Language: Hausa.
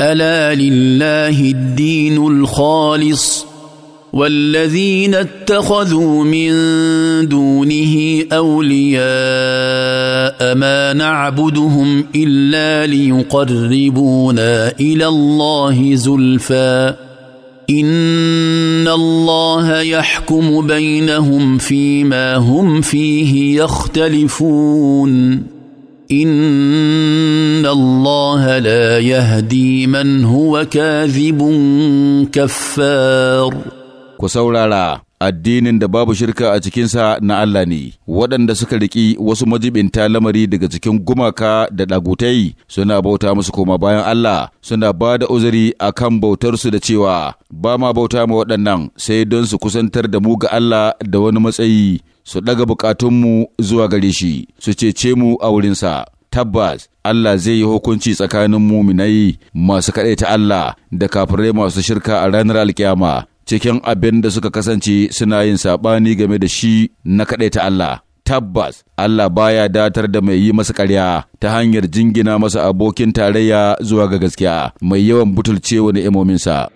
الا لله الدين الخالص والذين اتخذوا من دونه اولياء ما نعبدهم الا ليقربونا الى الله زلفى ان الله يحكم بينهم فيما هم فيه يختلفون إن ان الله لا يهدي من هو كاذب كفار ku saurara addinin da babu shirka a cikinsa na Allah ne waɗanda suka riƙi wasu majibinta lamari daga cikin gumaka da ɗagutai suna bauta musu koma bayan Allah suna ba da uzuri a kan bautarsu da cewa ba ma bauta ma waɗannan sai don su kusantar da mu ga Allah da wani matsayi su ɗaga buƙatunmu zuwa gare shi su cece mu a wurinsa tabbas Allah zai yi hukunci tsakanin muminai masu kaɗaita Allah da kafirai masu shirka a ranar alkiyama cikin abin da suka kasance suna yin saɓani game da shi na kaɗaita Allah. Tabbas, Allah baya datar da mai yi masa ƙarya ta hanyar jingina masa abokin tarayya zuwa ga gaskiya mai yawan wani imominsa